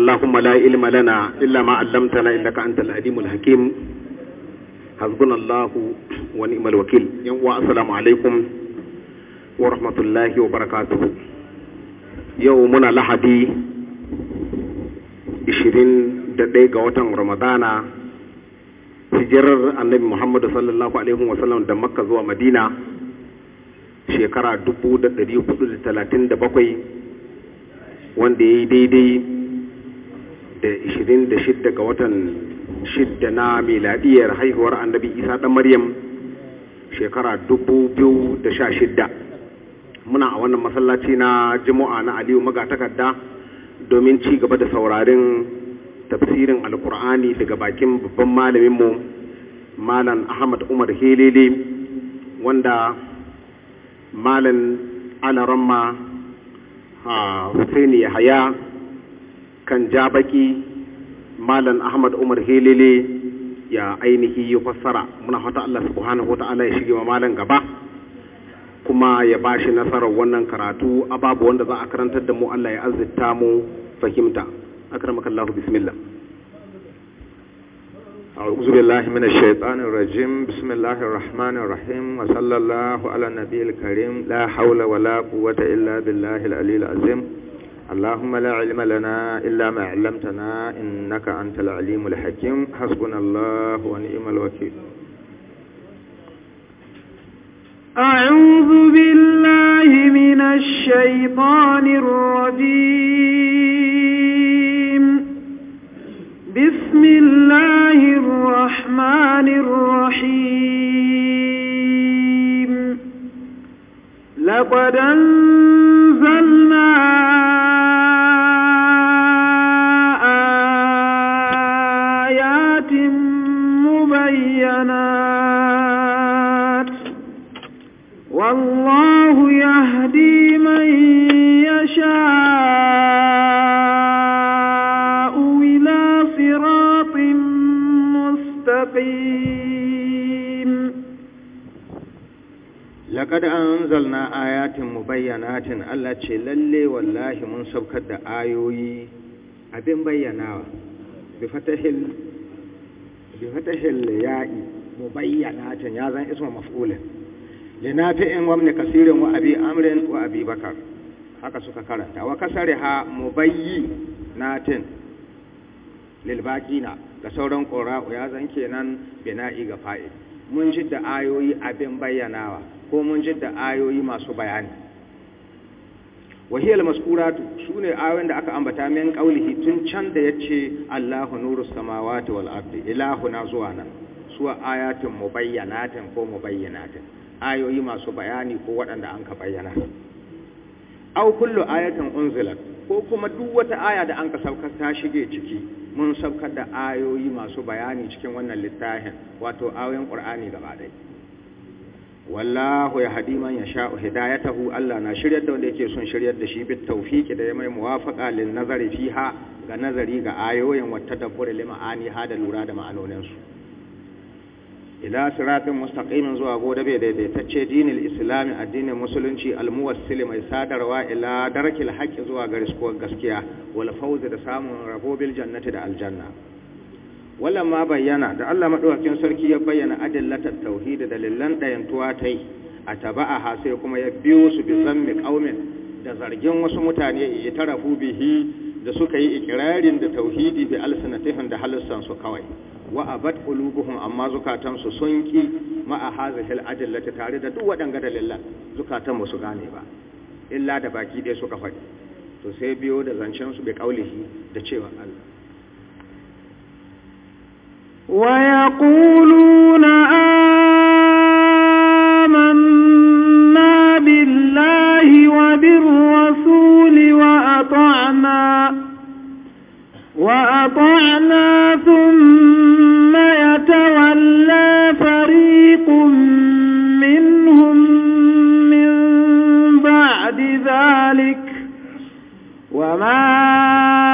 اللهم لا علم لنا إلا ما علمتنا إنك أنت العليم الحكيم حسبنا الله ونعم الوكيل والسلام عليكم ورحمة الله وبركاته يومنا لحدي 21 ga watan Ramadana hijirar annabi Muhammadu sallallahu alaihi wasallam da Makka zuwa Madina shekara 1437 wanda ya yi daidai 26 ga watan 6 na miladiyar haihuwar annabi isa dan maryam shekara 2016 muna a wannan masallaci na jimu'a na aliyu magatakarda domin ci gaba da saurarin tafsirin alkur'ani daga bakin babban malaminmu malam ahmad umar helele wanda malam alaramma ah, hussaini yahaya kan ja baki malam ahmad umar helele ya ainihi yi fassara muna hata allah subhanahu wata'ala ya shige ma malam gaba kuma ya ba shi nasarar wannan karatu ababu wanda za a karantar da mu allah ya azzita mu fahimta akramakallahu bismillah أعوذ بالله من الشيطان الرجيم بسم الله الرحمن الرحيم وصلى الله على النبي الكريم لا حول ولا قوة إلا بالله العلي العظيم اللهم لا علم لنا إلا ما علمتنا إنك أنت العليم الحكيم حسبنا الله ونعم الوكيل أعوذ بالله من الشيطان الرجيم بسم الله الرحمن الرحيم لقد أنزلنا laƙada an zalna ayatin mu bayyanatin Allah ce lalle wallahi mun saukar da ayoyi abin bayyanawa bi fatahil bi fatahil ya'i mu bayyanatin ya zan ismu maf'ulin linafi'in wa ibn kasirin wa abi amrin wa abi bakar haka suka karanta wa kasariha mubayyinatin lil lilbaƙina ga sauran qura'u ya zan kenan bina'i ga fa'i mun shidda ayoyi abin bayyanawa ko mun jidda ayoyi masu bayani wahiyar maskuratu su ne ayoyin da aka ambata min kaulihi tun can da ya ce allahu nuru samawati wal ardi ilahu na zuwa nan su ayatin mubayyanatin ko mubayyanatin ayoyi masu bayani ko waɗanda an ka bayyana au kullu ayatin unzilat ko kuma duk wata aya da an ka saukar ta shige ciki mun saukar da ayoyi masu bayani cikin wannan littafin wato ayoyin qur'ani gaba ɗaya wallahu ya haɗi man ya sha hidayatahu Allah na shiryar da wanda yake son shiryar da shi bit tawfiqi da ya mai muwafaqa lin nazari fiha ga nazari ga ayoyin wata tadabburi li ma'ani ha da lura da ma'anonin su ila siratin mustaqimin zuwa goda bai daidaitacce dinin islami addinin musulunci almuwassil mai sadarwa ila darakil haqqi zuwa ga riskuwar gaskiya wal fawz da samun rabobin jannati da aljanna wallan ma bayyana da Allah madaukakin sarki ya bayyana adalata tauhid da dalilan dayantuwa tai a taba'aha sai kuma ya biyo su bi zammi qaumin da zargin wasu mutane ya tarafu bihi da suka yi ikirarin da tauhidi bi alsanatihim da halussan su kawai wa bat qulubuhum amma zukatan su sun ki ma'a hazihil adillati tare da duk waɗanga dalilan zukatan ba su gane ba illa da baki ɗaya suka faɗi to sai biyo da zancen su bi qaulihi da cewa Allah ويقولون آمنا بالله وبالرسول وأطعنا وأطعنا ثم يتولى فريق منهم من بعد ذلك وما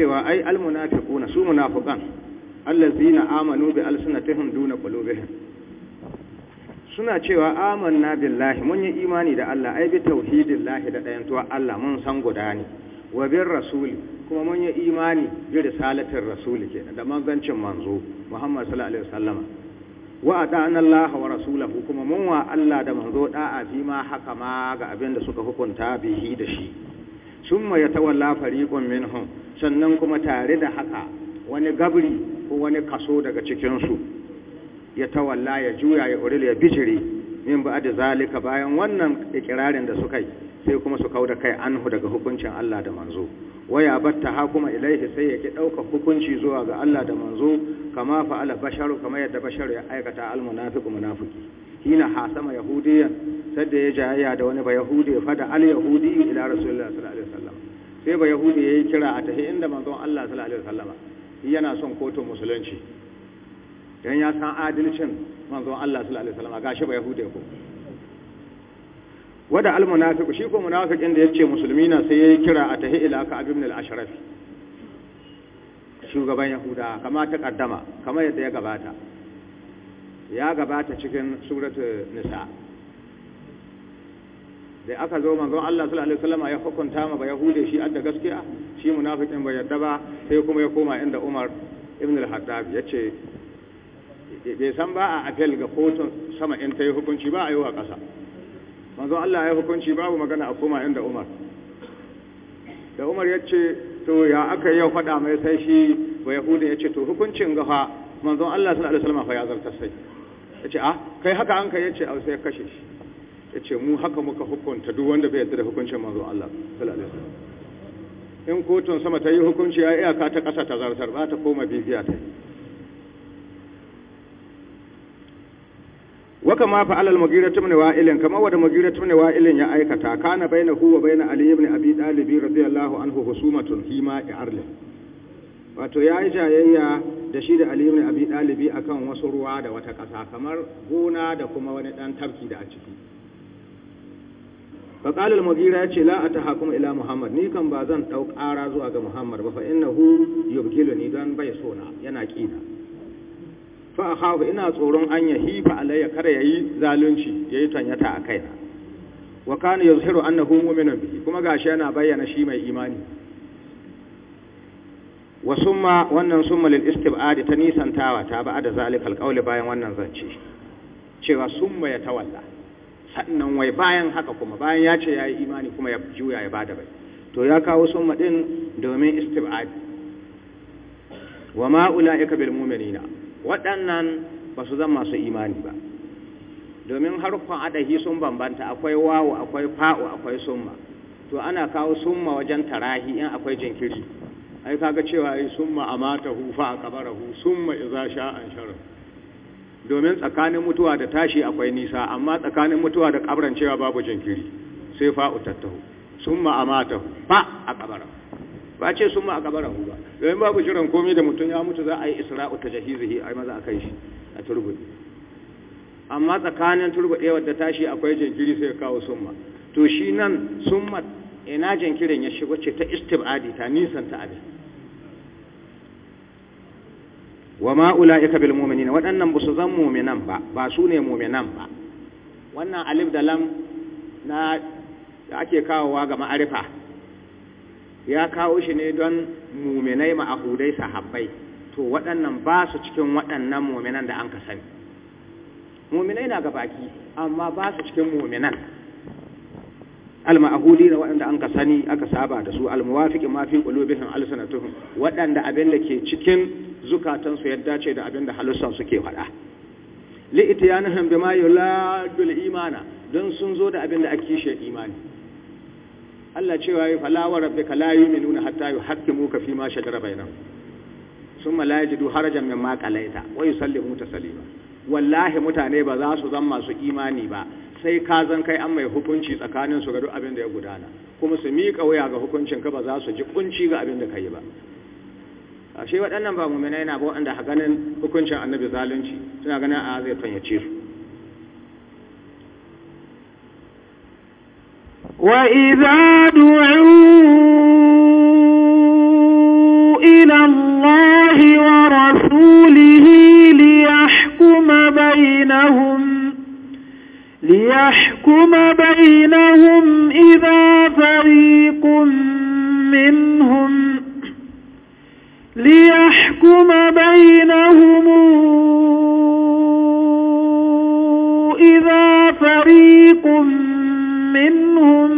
cewa ai almunafiquna su munafiqan allazina amanu bi alsinatihim duna qulubihim suna cewa amanna billahi mun yi imani da Allah ai bi tauhidillahi da dayantuwa Allah mun san guda ne wa bin rasuli kuma mun yi imani bi risalatin rasuli ke da mangancin manzo Muhammad sallallahu alaihi wasallam wa ata'ana Allah wa rasulahu kuma mun wa Allah da manzo da'a fi ma haka ma ga abin da suka hukunta bihi da shi summa yatawalla fariqun minhum sannan kuma tare da haka wani gabri ko wani kaso daga cikinsu ya tawalla ya juya ya uril ya bijire min ba da zalika bayan wannan ikirarin da suka yi sai kuma su kauda kai anhu daga hukuncin Allah da manzo waya batta ha kuma ilaihi sai yake ɗauka hukunci zuwa ga Allah da manzo kama fa'ala basharu kama yadda basharu ya aikata almunafiqu munafiki hina hasama yahudiyan da ya jaya da wani ba yahudi fa da al yahudi ila rasulullahi sallallahu alaihi wasallam sai ba yahudi ya yi kira a tahi inda manzon Allah sallallahu alaihi wasallama yana son kotun musulunci don ya san adalcin manzon Allah sallallahu alaihi wasallama gashi ba yahudi ko wada almunafiq shi ko munafiqin da yace musulmi na sai yayi kira a tahi ila ka abin al-ashraf shugaban yahuda kama ta kaddama kama yadda ya gabata ya gabata cikin suratul nisa da aka zo manzo Allah sallallahu alaihi wasallam ya hukunta ma ba yahude shi adda gaskiya shi munafikin bai yadda ba sai kuma ya koma inda Umar ibn al-Hattab yace bai san ba a apel ga kotun sama in ta yi hukunci ba a yi wa ƙasa manzo Allah ya hukunci babu magana a koma inda Umar da Umar ya ce to ya aka yau faɗa mai sai shi ba yahude ya ce to hukuncin gafa manzo Allah sallallahu alaihi wasallam fa ya zartar sai ya ce ah kai haka an kai ya ce sai kashe shi ya ce mu haka muka hukunta duk wanda bai yarda da hukuncin manzon Allah sallallahu alaihi in kotun sama ta yi hukunci ya iyaka ta ƙasa ta zartar ba ta koma bibiya ta wa kama fa alal mugira tumni wa'ilin kama wa da mugira tumni wa'ilin ya aikata kana baina huwa baina ali ibn abi talib radiyallahu anhu husumatun fi i arlin wato yayi jayayya da shi da ali ibn abi talib akan wasu ruwa da wata ƙasa kamar gona da kuma wani dan tarki da a ciki فقال المغيرة يتي لا أتحاكم إلى محمد نيكم بازن أو قارا زوا محمد فإنه يبكلني دان بيسونا يناكينا فأخاف إنا tsoron an yahi ba alayya kare yayi zalunci yayi tanyata a kaina wa kana yuzhiru annahu mu'minun bihi kuma gashi yana bayyana shi mai imani wa summa wannan summa lil istib'ad ta nisantawa ta ba'da zalikal qawli bayan wannan zance cewa summa ya tawalla sannan wai bayan haka kuma bayan ya ce ya yi imani kuma ya juya ya bada bai to ya kawo summa din domin istib'adi wa ma ulaika bil mu'minina waɗannan ba su zama masu imani ba domin harkon adahi sun bambanta akwai wawu akwai fa'u akwai summa to ana kawo summa wajen tarahi in akwai jinkiri ai kaga cewa ai summa amatahu fa aqbarahu summa idza sha'a anshara domin tsakanin mutuwa da tashi akwai nisa amma tsakanin mutuwa da cewa babu jinkiri sai fa'u tattahu Summa amata fa a kabara ba ce summa a kabara ba domin babu jiran komai da mutum ya mutu za a yi isra'u ta jahizihi a maza a kai shi a turbuɗe amma tsakanin turbuɗewar da tashi akwai jinkiri sai kawo summa to shi nan summa ina jinkirin ya shigo ce ta istibadi ta nisan ta abin wa ma ulaika bil mu'minin waɗannan ba su zan mu'minan ba ba su ne mu'minan ba wannan alif da lam na da ake kawowa ga ma'arifa ya kawo shi ne don mu'minai ma'ahudai sahabbai to waɗannan ba su cikin waɗannan mu'minan da an ka sani mu'minai na ga baki amma ba su cikin mu'minan al-ma'ahudi da waɗanda an ka sani aka saba da su al-muwafiqi ma fi qulubihim al-sanatuhum waɗanda abin da ke cikin zukatansu ya dace da abin da halussan suke faɗa li'tiyanihim bima yuladul imana don sun zo da abin da ake shi imani Allah cewa ya fala wa rabbika mai nuna hatta muka fi ma shajara bainahum thumma la yajidu harajan salli mu ta yusallimu ba. wallahi mutane ba za su zama masu imani ba sai ka zan kai an mai hukunci tsakanin su ga duk abin da ya gudana kuma su miƙa wuya ga hukuncin ka ba za su ji kunci ga abin da ka yi ba Ashe waɗannan ba mummina yana ba waɗanda a ganin hukuncin annabi zalunci suna ganin a zai fanyace su wa iza du'u ila Allah wa rasulih li yahkuma bainahum li yahkuma bainahum idha fariqun minhum ليحكم بينهم إذا فريق منهم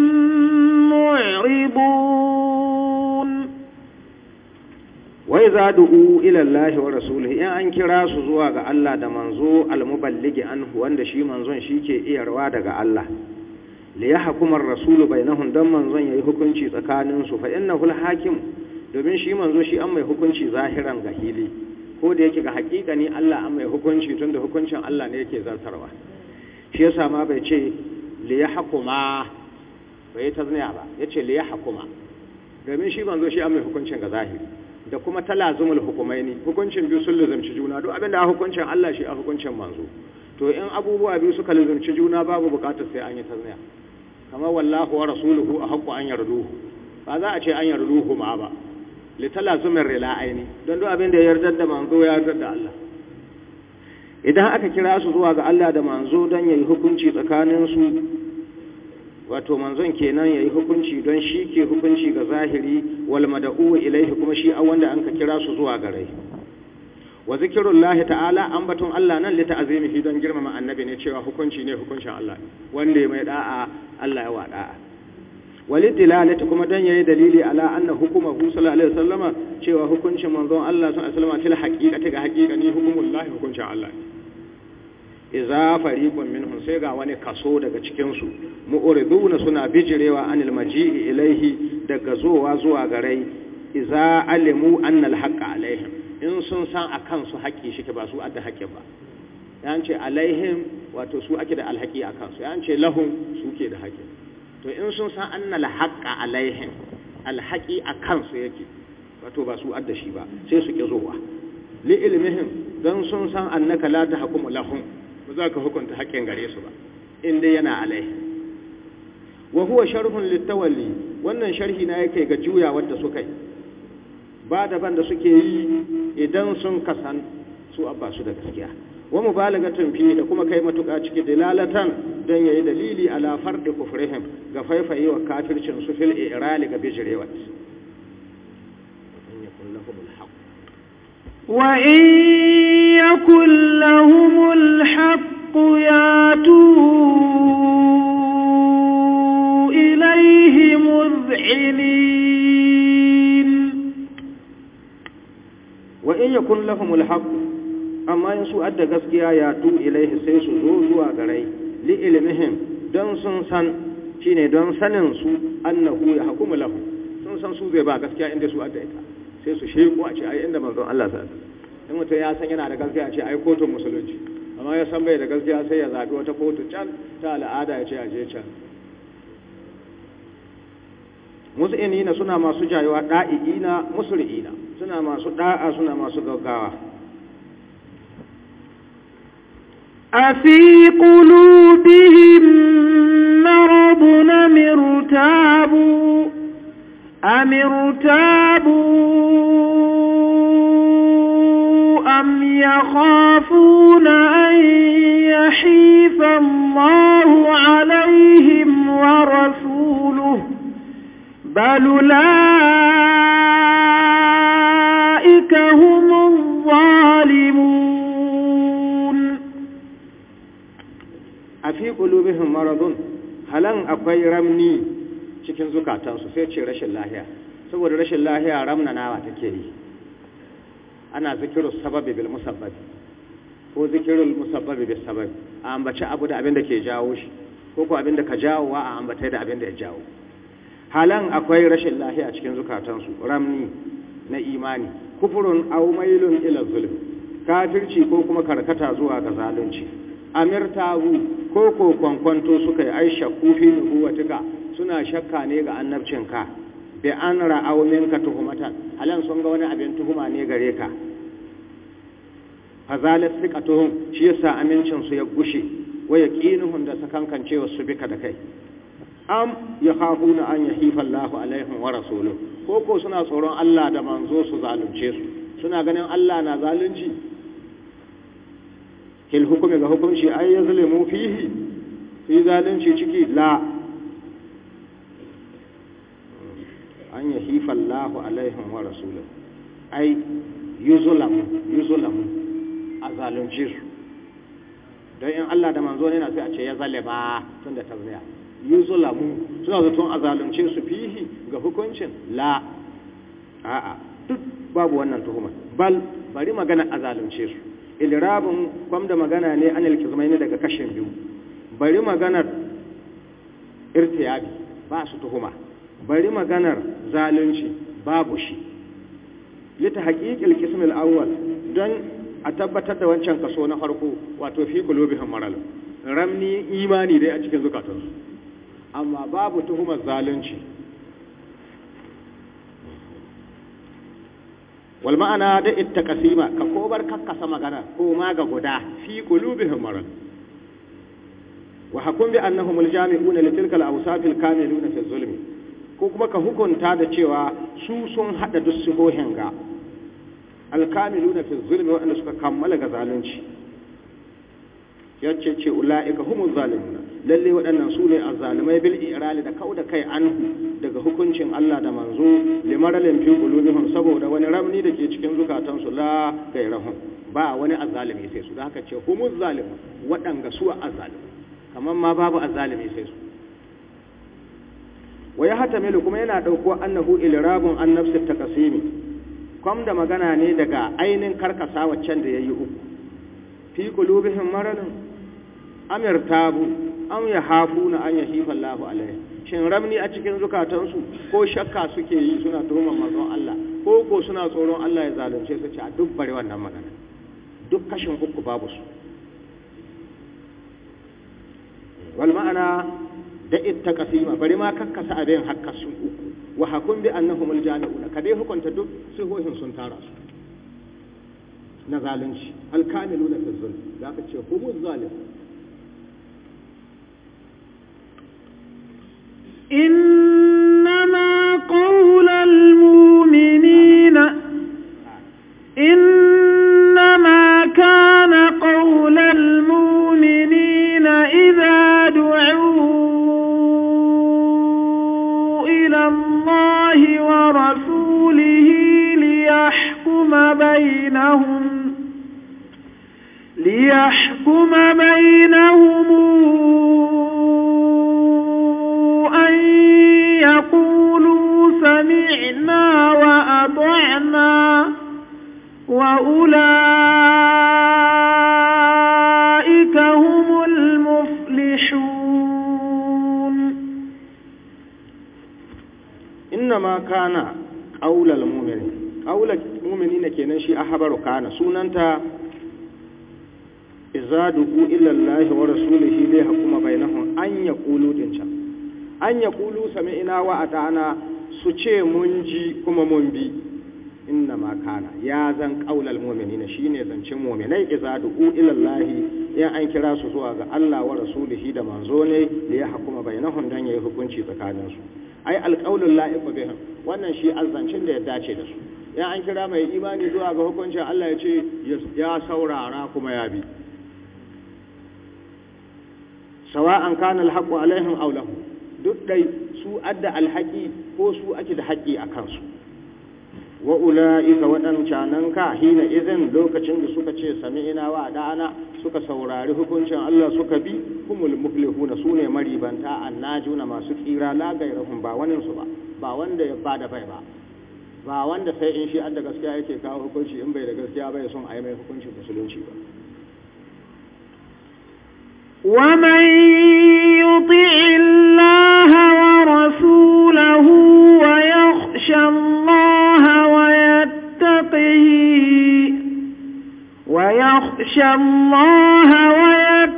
معرضون وإذا دعوا إلى الله ورسوله إن أنك كراس زواج الله دمنزو المبلغ عنه وأن شي منزون شيكي إيروا دقى الله ليحكم الرسول بينهم دمنزون يهكم شي تكاننسو فإنه الحاكم domin shi manzo shi an mai hukunci zahiran ga hili ko da yake ga hakika ne Allah an mai hukunci tunda hukuncin Allah ne yake zartarwa shi yasa ma bai ce li yahkuma bai tazniya ba yace li yahkuma domin shi manzo shi an mai hukuncin ga zahiri da kuma talazumul hukumaini hukuncin biyu sun lazumci juna duk abinda hukuncin Allah shi a hukuncin manzo to in abubuwa biyu suka lazumci juna babu bukatar sai an yi tazniya kamar wallahu wa rasuluhu a haƙƙo an yarduhu ba za a ce an yarduhu ma ba litala zumin rila aini don duk abin da ya yarda da manzo ya yarda da Allah idan aka kira su zuwa ga Allah da manzo don yayi hukunci tsakanin su wato manzon kenan yayi hukunci don shi ke hukunci ga zahiri wal mad'u ilaihi kuma shi an wanda anka kira su zuwa ga rai wa zikrullah ta'ala ambaton Allah nan li don girmama annabi ne cewa hukunci ne hukuncin Allah wanda mai da'a Allah ya wada'a walidilalati kuma don yayi dalili ala anna hukuma hu sallallahu alaihi wasallama cewa hukuncin manzon Allah sallallahu alaihi wasallama fil haqiqati ga haqiqani hukumullahi hukuncin Allah idza fariqun minhum sai ga wani kaso daga cikin su mu'riduna suna bijirewa anil maji'i ilaihi daga zowa zuwa garai idza alimu anna al haqqa alaihim in sun san akan su haƙi shike ba su adda haƙi ba yan ce alaihim wato su ake da alhaqi akan su yan ce lahum suke da haƙi to in sun san annal haqqa alaihim alhaqi a kansu yake wato ba su addashi ba sai su ki zuwa li ilmihim dan sun san annaka la tahkumu lahum ba za ka hukunta haƙƙin gare su ba in dai yana alai. wa huwa sharhun litawalli wannan sharhi na yake ga juya wanda suka yi ba daban da suke yi idan sun kasan su abba su da gaskiya wa mubalagatun fi da kuma kai matuƙa ciki dilalatan don yayi dalili ala fardu kufrihim ga faifai wa kafircin su fil irali ga bijirewa وإن يكن لهم الحق ياتوا إليه مذعنين وإن يكن لهم الحق amma in su adda gaskiya ya tu ilaihi sai su zo zuwa garai li ilmihim don sun san shine don sanin su annahu ya hukumu lahu sun san su zai ba gaskiya inda su adda ita sai su sheku a ce ai inda manzon Allah sa in mutum ya san yana da gaskiya a ce ai kotun musulunci amma ya san bai da gaskiya sai ya zabi wata kotu can ta al'ada ya ce a je can mus'inina suna masu jayewa da'i'ina musri'ina suna masu da'a suna masu gaggawa أفي قلوبهم مرض أم ارتابوا أم ارتابوا أم يخافون أن يحيف الله عليهم ورسوله بل أولئك هم الظالمون a fi qulubihim maradun halan akwai ramni cikin zukatansu sai ce rashin lahiya saboda rashin lahiya ramnanawa take yi ana zikirin sababi bil musabbabi ko zikirin musabbabi bil sababi a ambaci abu da abin da ke jawo shi ko ko abin da ka jawo wa a ambatai da abin da ya jawo halan akwai rashin lahiya cikin zukatansu ramni na imani kufurun aw mailun ila zulm kafirci ko kuma karkata zuwa ga zalunci amirtahu ko kwankwanto suka yi ai shakku fi nubuwatika suna shakka ne ga annabcinka bi an ra'au minka tuhumata alan sun ga wani abin tuhuma ne gare ka fazalat siqatuhum shi yasa amincin su ya gushe wa yaqinuhum da sakankan cewa su bika da kai am yakhafuna an yahifa Allahu alaihim wa rasuluhu koko suna tsoron Allah da manzo su zalunce su suna ganin Allah na zalunci fil hukumi ga hukunci ai ya zulmu fihi fi zalunci ciki la an ya hifa Allahu alaihim wa rasuluhu ai yuzulamu yuzulamu a zalunci su don in Allah da manzo ne na sai a ce ya zale ba tun da tazniya yuzulamu suna zaton a zalunce su fihi ga hukuncin la a'a duk babu wannan tuhumar bal bari magana a zalunce su ilrabin da magana ne an ilkizmai daga kashin biyu bari maganar irtiyabi ba su tuhuma bari maganar zalunci babu shi lita haƙiƙi kismil awwal don a tabbatar da wancan kaso na farko wato fi qulubihim maral ramni imani dai a cikin zukatansu amma babu tuhumar zalunci wal ma'ana da itta kasima ka kobar kakkasa magana ko ma ga guda fi qulubihim marad wa hakum bi annahum al li tilka al awsaf al kamiluna fi ko kuma ka hukunta da cewa su sun hada duk ga al kamiluna fi wa suka kammala ga zalunci yace ce ulaiika humu zalimuna lalle waɗannan su ne azzalumai bil irali da kauda kai anhu daga hukuncin Allah da manzo maralin fi qulubihim saboda wani ramni da ke cikin zukatansu la gairahum ba wani azzalimi sai su da haka ce humuz zalimun wadanga su azzalimi Kamar ma babu azzalimi sai su wa ya hatamilu kuma yana dauko annahu ilrabun an nafsi takasimi kom da magana ne daga ainin karkasa waccan da yayi uku fi qulubihim maralun amirtabu am yahafuna an yahifa Allahu alaihi shin ramni a cikin zukatansu ko shakka suke yi suna turman mazan Allah ko ko suna tsoron Allah ya zalunce su ci a duk bare wannan magana duk kashin uku babu su wal ma'ana da itta kasima bari ma kakkasa abin hakka su uku wa hakun bi annahum jami'una ka dai hukunta duk hohin sun tara su na zalunci kamiluna fi zulm zaka ce humuz zalim in an ya kulu ina wa ata'ana su ce mun ji kuma mun bi inna ma kana ya zan qaulal mu'minina shine zancen mu'minai idza du'u ila Allah in an kira su zuwa ga Allah wa rasulihi da manzo ne da ya hukuma bainahum dan yayi hukunci tsakanin su ai alqaulul la'iq bihim wannan shi zancen da ya dace da su in an kira mai imani zuwa ga hukuncin Allah ya ce ya saurara kuma ya bi sawa'an kana alhaqu alaihim aw lahum duk dai su adda alhaki ko su ake da haƙƙi a kansu wa ula'ika waɗancanan ka hina izin lokacin da suka ce sami ina wa dana suka saurari hukuncin Allah suka bi humul muflihuna su ne maribanta annajuna masu tsira la gairahum ba wani ba ba wanda ya bada bai ba ba wanda sai in shi adda gaskiya yake kawo hukunci in bai da gaskiya bai son a yi mai hukuncin musulunci ba ومن يطع يخشى الله ويتقه ويخشى الله ويتقه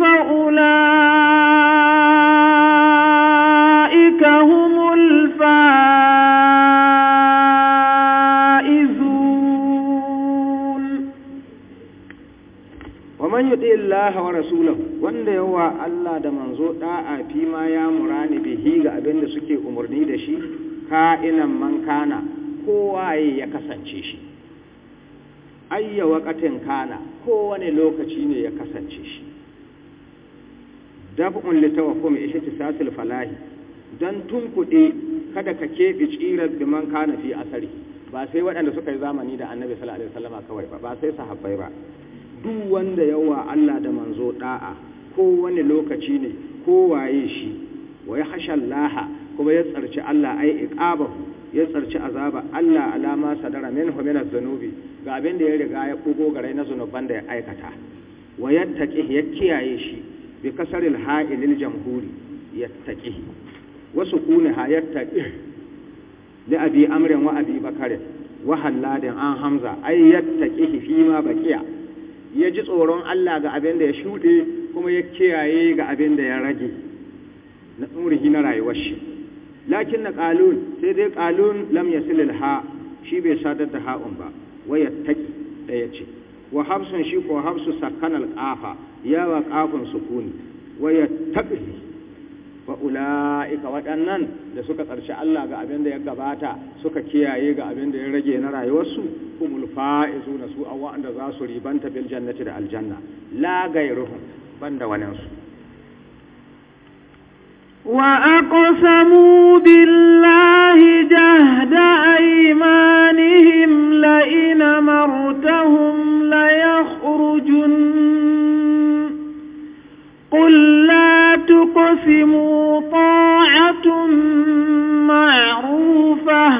فأولئك هم الفائزون ومن يطيع الله ورسوله وان يوى الله دمنزو دعا فيما يامران به bihi ga abin da suke umarni da shi ka'inan man kana kowaye ya kasance shi ayya wakatin kana kowane lokaci ne ya kasance shi daf'un litawakkum ihtisasil falahi dan tunkuɗe kada ka keɓe tsirar man kana fi asari ba sai waɗanda suka yi zamani da annabi sallallahu alaihi wasallama kawai ba ba sai sahabbai ba duk wanda yawa Allah da manzo da'a ko wani lokaci ne ko waye shi wa ya hashallaha kuma ya tsarci Allah ai iqabahu ya tsarci azaba Allah alama sadara minhu min az-zunubi ga abin da ya riga ya bugo garai na zunuban da ya aikata wa yattaqi ya kiyaye shi bi kasaril ha'ilil jamhuri yattaqi wa ha yattaqi li abi amrin wa abi bakarin wa halladin an hamza ai yattaqi fi ma baqiya ya ji tsoron Allah ga abin da ya shuɗe kuma ya kiyaye ga abin da ya rage na umrihi na rayuwar shi lakin na qalun sai dai qalun lam silil ha shi bai sadar da ha'un ba waya taki daya ce wa hafsun shi ko hafsu sakkan alqafa yawa qafun sukuni waya taqfi wa ula'ika waɗannan da suka ƙarshe Allah ga abin da ya gabata suka kiyaye ga abin da ya rage na rayuwarsu kumul fa'izu na su a wa'anda za su ribanta bil jannati da aljanna la gairuhum banda waninsu وأقسموا بالله جهد أيمانهم لئن مرتهم ليخرجن قل لا تقسموا طاعة معروفة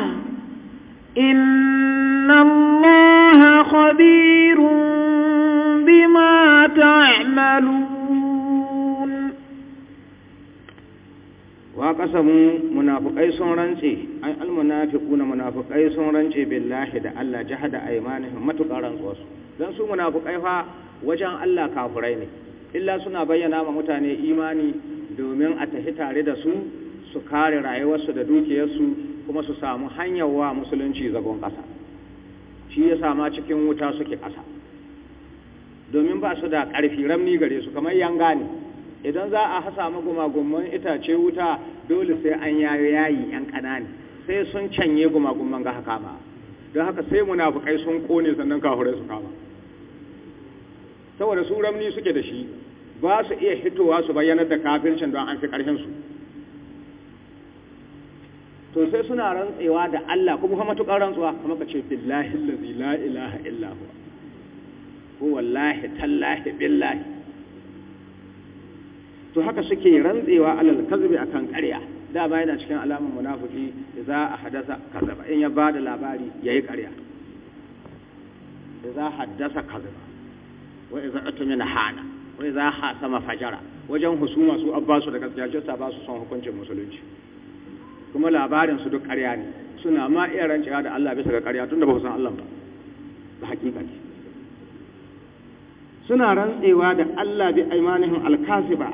إن الله خبير بما تعملون wa kasamu munafiqai sun rance ai al munafiquna munafiqai sun rance billahi da Allah jahada aymanihim matuƙaran su dan su munafiqai fa wajen Allah kafurai ne illa suna bayyana ma mutane imani domin a tafi tare da su su kare rayuwarsu da dukiyarsu kuma su samu hanyar wa musulunci zagon kasa shi yasa ma cikin wuta suke kasa domin ba su da karfi ramni gare su kamar yanga ne idan za a hasa magumagumman itace wuta dole sai an yayo yayi yan kanani sai sun canye gumagumman ga haka ba don haka sai munafukai sun kone sannan kafurai su kama saboda su ramni suke da shi ba su iya hitowa su bayyana da kafircin don an fi ƙarshen su to sai suna rantsewa da Allah kuma kuma matuƙar rantsuwa kuma ka ce billahi allazi la ilaha illa huwa wallahi tallahi billahi to haka suke rantsewa alal kazbi akan ƙarya da ba yana cikin alamun munafiki za a hadasa kazaba in ya ba da labari yayi ƙarya idza haddasa kazaba wa idza atmina hana wa idza sama fajara wajen husuma su abbasu da gaskiya jota ba su son hukuncin musulunci kuma labarin su duk ƙarya ne suna ma iya rantsewa da Allah bisa ga ƙarya tunda ba su san Allah ba ba hakika ne suna rantsewa da Allah bi aimanihim alkasiba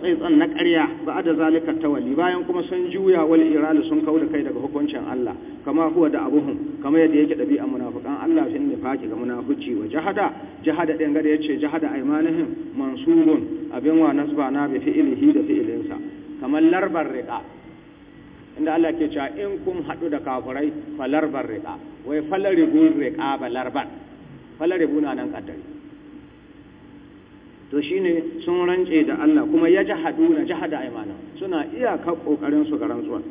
tsan na ƙarya ba da zalika tawali bayan kuma sun juya wal irali sun kau da kai daga hukuncin Allah kama huwa da abuhum kama yadda yake ɗabi'a munafukan Allah ne faki ga munafici wa jahada jahada din gada yace jahada aimanihim mansubun abin wa nasba na bi fi'ilihi da fi'ilinsa kamar larbar riqa inda Allah ke cewa in kun hadu da kafirai falarbar riqa wai falaribu riqa ba larban falaribu na nan kaddari to shine sun rance da Allah kuma ya ji jahada imanin suna iyaka kokarin su ga rantsuwa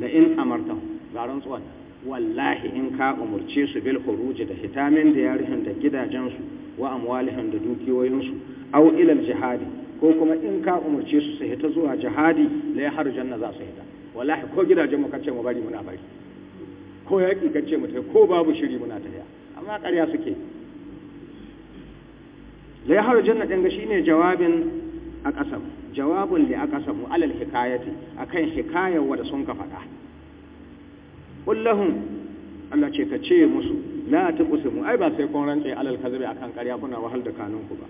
la in amartan ga rantsuwa wallahi in ka umurce su bil khuruj da hitamin da yarihin da gidajen su wa amwalihin da dukiyoyin su aw ila jihadi ko kuma in ka umurce su su hita zuwa jihadi la janna za su hita wallahi ko gidajen mu kace mu bari muna bari ko yaki kace mu tai ko babu shiri muna tafiya amma ƙarya suke la ya janna ɗin shi ne jawabin a ƙasar jawabin da a ƙasar alal hikayati a kan hikayar wadda sun ka faɗa ƙullahun allah ce ka ce musu la ta mu. ai ba sai kun rantse alal kazabi a kan ƙarya kuna wahal da kanunku ba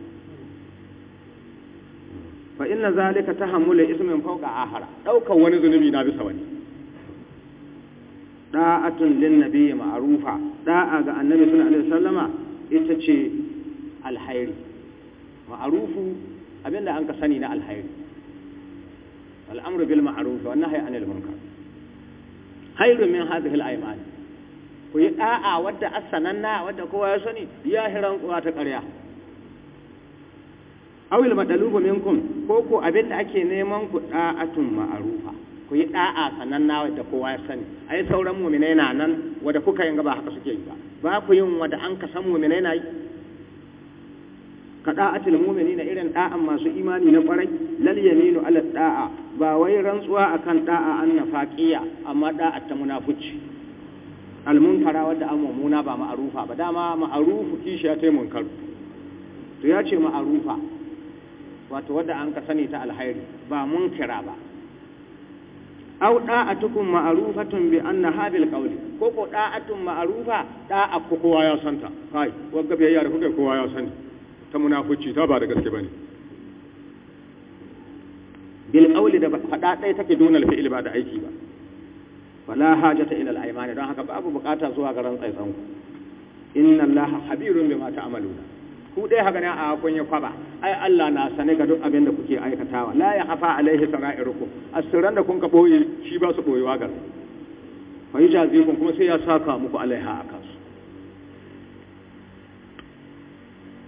fa inna zalika tahammulu ismin fawqa ahara daukan wani zunubi na bisa wani da'atun lin nabiyyi ma'rufa da'a ga annabi sallallahu alaihi wasallama ita ce alhairi ma'arufu abin da an ka sani na alhairi al'amru bil ma'arufu wa nahyi anil munkar khairu min hadhihi al-ayman ku yi da'a wadda asananna wadda kowa ya sani ya hiran kuwa ta ƙarya awil madalubu minkum ko ko abin da ake neman ku da'atun ma'arufa ku yi da'a sananna wadda kowa ya sani ai sauran mu'minai na nan wadda kuka yin ba haka suke yi ba ba ku yin wadda an ka san mu'minai na yi ka da'atul na irin da'an masu imani na kwarai lal yaminu ala da'a ba wai rantsuwa akan da'a an nafaqiya amma da'a ta munafici al munkara wadda an mumuna ba ma'arufa ba dama ma'arufu kishiya ta munkar to ya ce ma'arufa wato wadda an ka sani ta alhairi ba munkira ba aw da'atukum ma'rufatun bi anna hadhihi alqawli ko ko da'atun ma'rufa da'a kowa ya santa kai wagga bai yare kuka kowa ya santa ta munafuci ta ba da gaske ne bil auli da fada dai take dona al ba da aiki ba wala hajata ila al ayman don haka babu bukata zuwa ga rantsai ku inna allaha khabirun bima ta'maluna ku dai haka ne a kun ya kwaba ai Allah na sane ga duk abin da kuke aikatawa la ya hafa alaihi sara'irukum asiran da kun ka boye shi ba su boyewa ga fa yajazikum kuma sai ya saka muku alaiha akan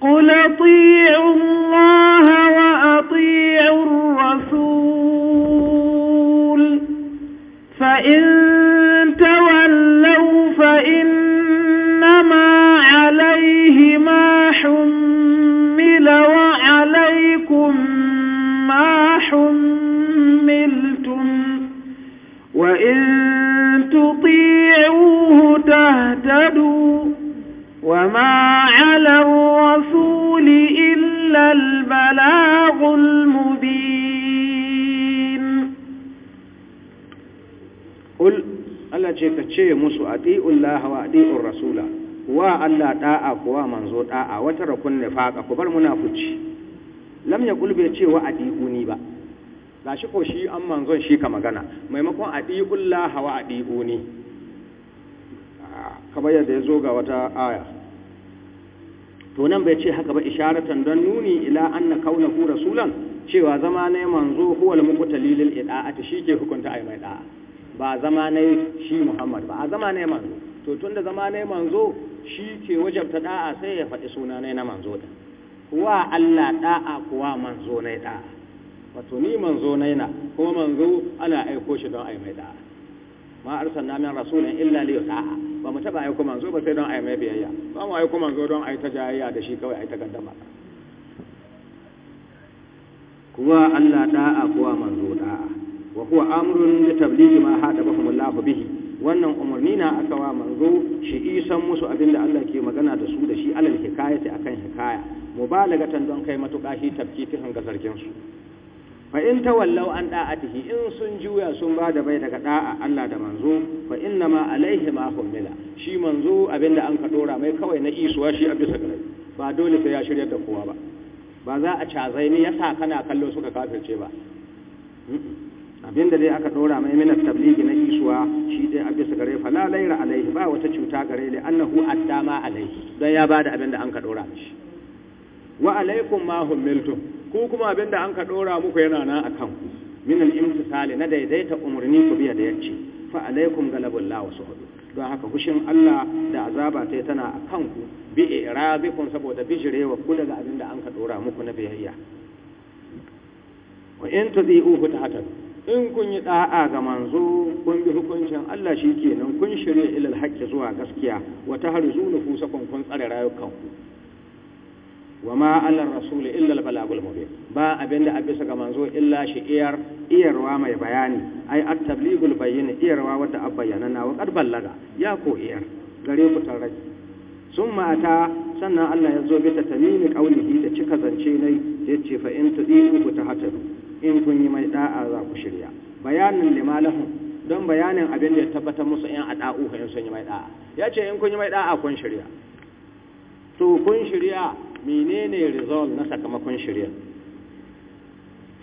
قل اطيعوا الله وأطيعوا الرسول فإن تولوا فإنما عليه ما حمل وعليكم ما حملتم وإن تطيعوه تهتدوا وما علوا الرسول إلا البلاغ المبين قل Allah ce ka ce musu a ɗi'ullaha wa ɗi'un rasula wa Allah ɗa'a kuwa manzo ɗa'a wata rakun ne ku bar munafuci lam ya gulbe cewa a ɗi'uni ba ko shi an manzon shi ka magana maimakon a ɗi'ullaha wa a ɗi'uni kamar yadda ya zo ga wata aya to nan bai ce haka ba isharatan don nuni ila anna kaunahu rasulan cewa zama ne manzo huwal muqtali lil ida'ati ke hukunta ai mai da. ba zama ne shi Muhammad ba a zama ne manzo to tunda zama ne manzo shi ke wajabta da'a sai ya faɗi suna ne na manzo da kuwa Allah da'a kuwa manzo ne da'a wato ni manzo ne na kuma manzo ana aiko shi don ai mai da. ma arsalna min rasulin illa li yuta'a ba mu taɓa aiko manzo ba sai don a yi mai biyayya ba mu aiko manzo don a yi ta jayayya da shi kawai a yi ta gandama kuwa Allah da'a kuwa manzo da'a wa kuwa amurin da tablighi ma kuma Allah bihi wannan umarni na aka wa manzo shi isan musu abin da Allah ke magana da su da shi alal hikayati akan hikaya mu ba mubalagatan don kai matuƙa shi tafkifihin ga sarkin su fa in tawallau an da'atihi in sun juya sun ba da bai daga da'a Allah da manzo fa inna ma alaihi ma humila shi manzo abinda an ka dora mai kawai na isuwa shi a bisa gare ba dole sai ya shirya da kowa ba ba za a cazai ne yasa kana kallo suka kafirce ba abinda dai aka dora mai minas tabligi na isuwa shi dai a bisa gare fa la laira alaihi ba wata cuta gare ne annahu addama alaihi dan ya bada abinda an ka dora mishi wa alaikum ma humiltum ko kuma abin da an ka ɗora muku yana nan a kan ku min al-imtisali na daidaita umarni ku biya da yace fa alaikum galabullahi wa don haka kushin Allah da azaba ta tana a kan ku bi irabikum saboda bijirewa ku daga abin da an ka dora muku na biyayya wa in ta tahatan in kun yi da'a ga manzo kun bi hukuncin Allah shi shikenan kun shirye ilal haqqi zuwa gaskiya wa na fusakum kun tsare rayukanku wa ma allar rasul illa al-balagul mubin ba abinda a bisa ga manzo illa shi iyar iyarwa mai bayani ai at-tablighul bayyin iyarwa wata bayyana na wa kad ballaga ya ko iyar gare ku tarai summa ata sannan Allah ya zo bi ta tamimi qaulihi da cika zance nai yace fa in tudiku ku tahatadu in kun yi mai da'a za ku shirya bayanin limalahum don bayanin abin da ya tabbatar musu in a da'u in sun yi mai da'a ya ce in kun yi mai da'a kun shirya to kun shirya menene result na sakamakon shirya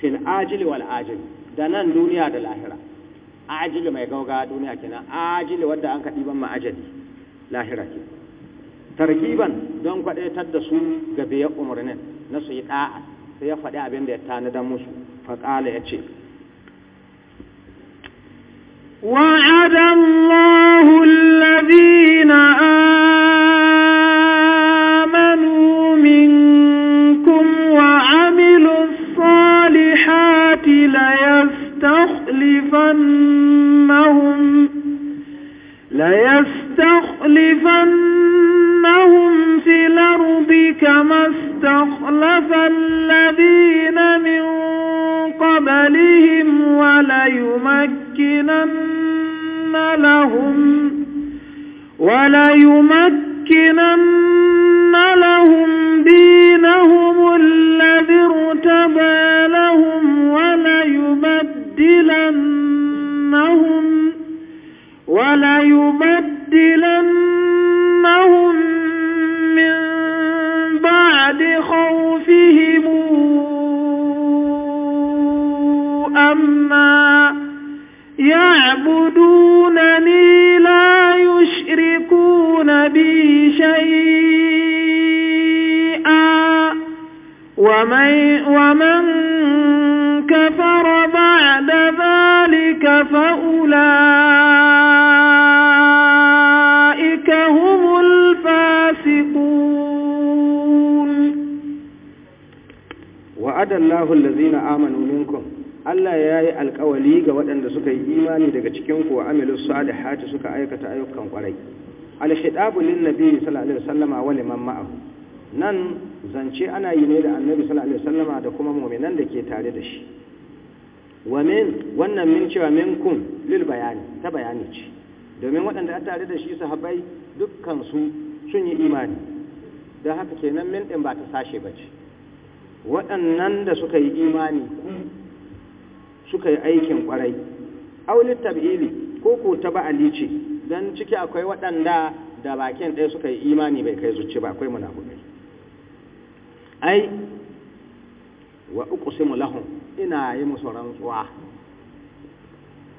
fil ajili wal ajili da nan duniya da lahira ajili mai gauga duniya kenan ajili wadda an kaɗi ban ma'ajali lahira ke tarkiban don kwaɗaitar da su ga biya umarnin na su yi ɗa'a sai ya faɗi abin da ya da musu faƙala ya ce Wa الله alladhina كما استخلف الذين من قبلهم وليمكنن لهم وليمكنن لهم دينهم الذي ارتبى لهم وليبدلنهم وليبدلنهم بي شيئا ومن, ومن كفر بعد ذلك فأولئك هم الفاسقون وعد الله الذين آمنوا منكم Allah ya yi alkawali ga waɗanda suka yi imani daga cikinku wa amilu salihati suka aikata ayyukan kwarai alhidabu shitabu lin nabi sallallahu alaihi wasallama wa liman ma'a nan zance ana yi ne da annabi sallallahu alaihi wasallama da kuma mu'minan da ke tare da shi wa min wannan min cewa minkum lil bayani ta bayani ce domin waɗanda a tare da shi sahabbai dukkan su sun yi imani Da haka kenan min ɗin ba ta sashe ba ce waɗannan da suka yi imani suka yi aikin ƙwarai aulit tab'ili ko ko ta ba'ali ce don ciki akwai waɗanda da bakin ɗaya suka yi imani bai kai zuci ba akwai munafukai ai wa uqsimu lahum ina yi musu rantsuwa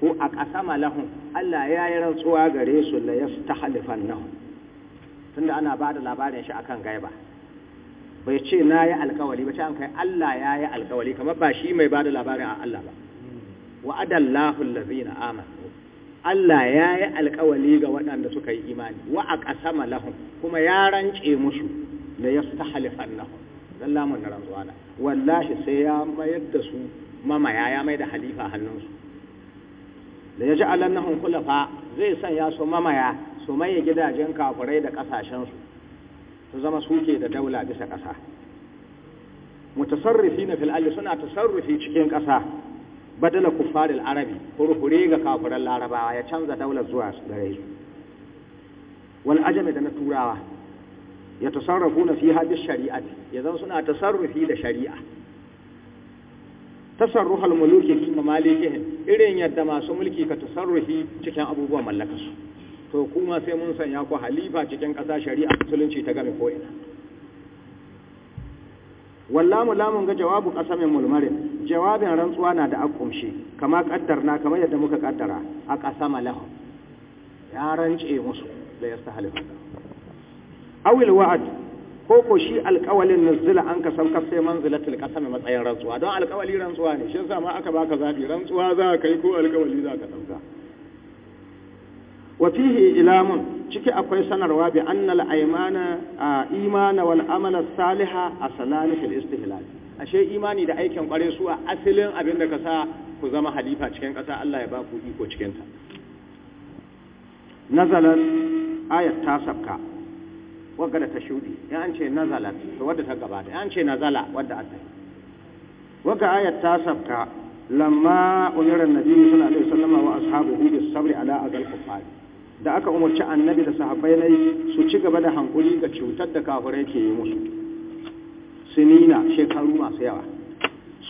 ko a ƙasama lahum Allah ya yi rantsuwa gare su la yastahlifannahum tunda ana bada da labarin shi akan gaiba bai ce na yi alkawali ba ce an kai Allah ya yi alkawali kamar ba shi mai bada da labarin a Allah ba wa'adallahu allazina amanu Allah ya yi alkawali ga waɗanda suka yi imani wa a ƙasama malahun kuma ya rance musu da ya su ta halifan nahun don lamun na rantsuwa na wallahi sai ya mayar da su mamaya ya mai da halifa hannunsu da ya ji nahun kulafa zai sanya su mamaya su maye gidajen kafurai da ƙasashensu su zama suke da daula bisa ƙasa mutasarrifi na fil'alli suna tasarrufi cikin ƙasa badala kufaril arabi furfure ga kafiran larabawa ya canza daular zuwa gare su wal ajami da na turawa ya tasarrafu na fi hadis shari'ati ya zan suna tasarrufi da shari'a tasarruhal muluki fi mamalikihim irin yadda masu mulki ka tasarrufi cikin abubuwan mallakarsu to kuma sai mun sanya ku halifa cikin kasa shari'a musulunci ta game ko ina wallamu lamun ga jawabu qasamin mulmarin jawabin rantsuwa na da akumshe kama kaddarna kamar yadda muka kaddara a ƙasa malahu ya rance musu da ya yastahlifu awil wa'ad ko ko shi alƙawalin nuzula an kasan kasai manzilatul qasami matsayin rantsuwa don alƙawali rantsuwa ne shi yasa ma aka baka zabi rantsuwa za ka kai ko alƙawali za ka dauka wa fihi ilamun ciki akwai sanarwa bi annal aymana imana wal amala salihah asalani fil istihlal ashe imani da aikin kware su a asalin abin da ka sa ku zama halifa cikin ƙasa Allah ya ba ku iko cikinta nazalan ayat ta sabka wadda da ta shudi ya an ce nazala to wadda ta gabata ya an ce nazala wadda a tsaye wadda ayat ta sabka lamma umirar nabi sallallahu alaihi sallama wa ashabu bis sabri ala azal kuffar da aka umarci annabi da sahabbai su ci gaba da hankuli ga cutar da kafirai ke yi musu sinina shekaru masu yawa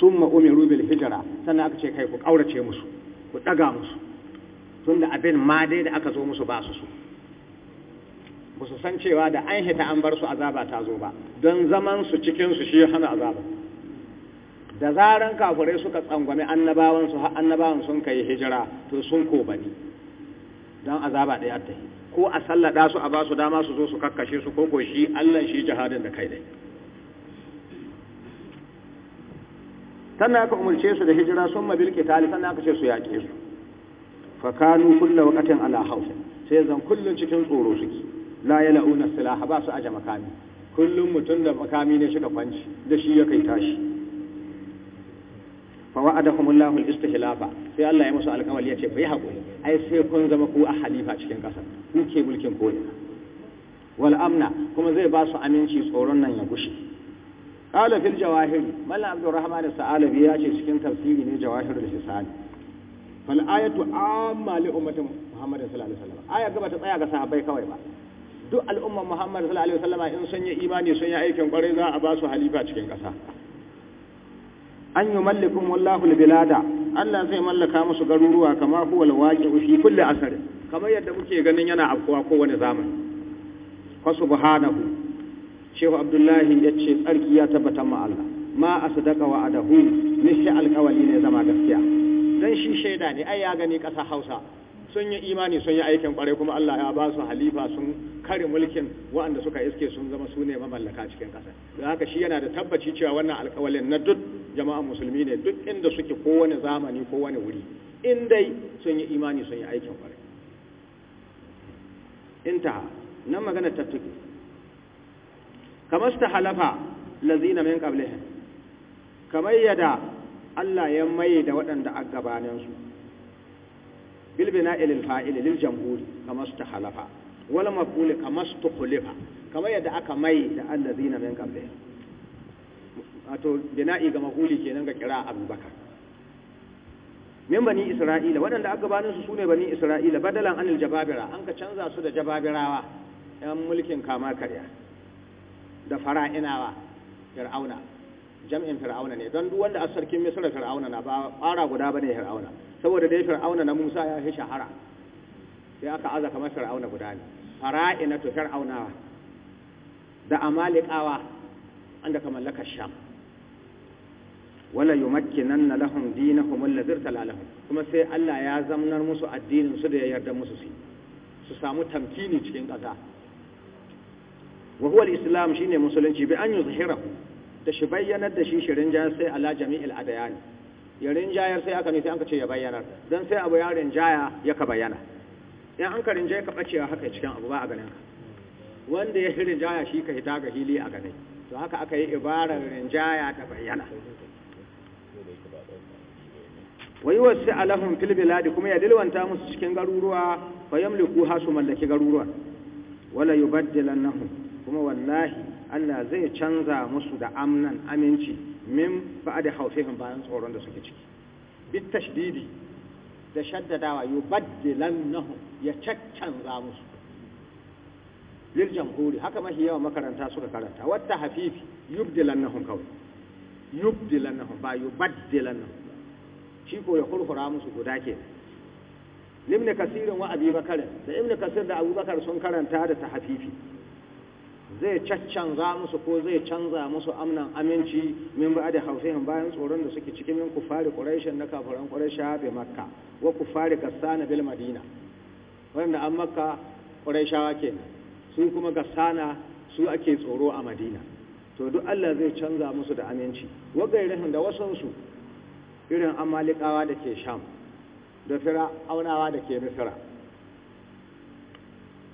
sun ma'umiru rubin hijira sannan aka ce kai ku ƙaurace musu ku ɗaga musu tun da abin ma dai da aka zo musu ba su su ba su san cewa da an hita an bar su azaba ta zo ba don zaman su cikin su shi hana azaba da zaran kafurai suka tsangwami annabawan su har annabawan sun kai hijira to sun kobani don azaba ɗaya ta yi ko a sallada su a ba su dama su zo su kakkashe su ko shi Allah shi jihadin da kai dai sannan aka umarce su da hijira sun mabil qitali sannan aka ce su yaƙe su fa kanu kullu waqatin ala hausa sai zan kullun cikin tsoro suke la yalauna silaha ba su aje makami kullum mutum da makami ne shiga kwanci da shi ya kai tashi fa wa'adahumullahu al-istihlafa sai Allah ya musu alƙawari ya ce bai haƙuri ai sai kun zama ku a halifa cikin ƙasar ku ke mulkin ko wal amna kuma zai ba su aminci tsoron nan ya gushe qala fil jawahir mallam Sa'a sa'alabi ya ce cikin tafsiri ne jawahirul hisan fal ayatu amma li ummati muhammad sallallahu alaihi wasallam aya gaba ta tsaya ga sahabbai kawai ba duk al'ummar muhammad sallallahu alaihi wasallam in sun yi imani sun yi aikin kwarai za a ba su halifa cikin ƙasa an yi mallakin mallikun wallahu bilada Allah zai mallaka musu garuruwa kama huwa alwaqi fi kulli asr kamar yadda kuke ganin yana afkuwa kowane zamani fa subhanahu cewa abdullahi ya ce tsarki ya tabbatar ma Allah ma a sadaka wa adahu nishi alkawali ne zama gaskiya dan shi shaida ne ai ya gani kasa hausa sun yi imani sun yi aikin kwarai kuma Allah ya ba su halifa sun kare mulkin waɗanda suka iske sun zama su ne mamallaka cikin ƙasa da haka shi yana da tabbaci cewa wannan alkawalin na duk jama'a musulmi ne duk inda suke kowane zamani kowane wuri in dai sun yi imani sun yi aikin kwarai ta nan magana ta kamar ta halafa lazina min qablihim kamar yada Allah ya maye da waɗanda a gabaninsu bil bina'il lil fa'il lil jamhuri kamar ta halafa wal maf'ul kamar ta kulifa kamar yadda aka maye da allazina min qablihim wato bina'i ga mahuli nan ga kira abubakar min bani isra'ila waɗanda aka gabanin su sune bani isra'ila badalan anil jababira an ka canza su da jababirawa yan mulkin kama karya da fara'inawa fir'auna jam'in fir'auna ne don duk wanda a sarkin misra fir'auna na ba fara guda ne fir'auna saboda dai fir'auna na musa ya fi shahara sai aka aza kamar fir'auna guda ne fara'ina to fir'aunawa da amalikawa anda ka mallaka sham wala kuma sai Allah ya zamnar musu addinin su da ya yarda musu su su samu tamkini cikin ƙasa wahuwar huwa al-islam shine musulunci bi an yuzhira da shi bayyanar da shi shirin sai ala jami'il adayani ya rinjayar sai aka ne sai ce ya bayyanar dan sai abu ya rinjaya ya ka bayyana in an ka rinjaya ka bacewa haka cikin abu ba a ganin ka wanda ya shi rinjaya shi ka hita ga hili a ganai to haka aka yi ibarar rinjaya ta bayyana wai wasu filbiladi kuma ya dilwanta musu cikin garuruwa fa yamliku ha su mallaki garuruwan wala yubaddilan nahum kuma wallahi Allah zai canza musu da amnan aminci min da haufihim bayan tsoron da suke ciki bit tashdidi da shaddadawa yubaddilannahum ya caccanza musu lil jamhuri haka mahi yawa makaranta suka karanta wata hafifi yubdilannahum kawai yubdilannahum ba yubaddilannahum shi ko ya kurkura musu guda ke limni kasirin wa abi bakar da ibn kasir da abubakar sun karanta da ta hafifi zai caccanza musu ko zai canza musu amnan aminci min ba da hausayin bayan tsoron da suke cikin min kufari ƙurashin na kafaran ƙurasha haɓe makka wa kufari gassana bil madina wanda an makka ƙurashawa kenan su kuma gassana su ake tsoro a madina to duk allah zai canza musu da aminci wa gairahin da wasansu irin amalikawa da ke sham da fira aunawa da ke misira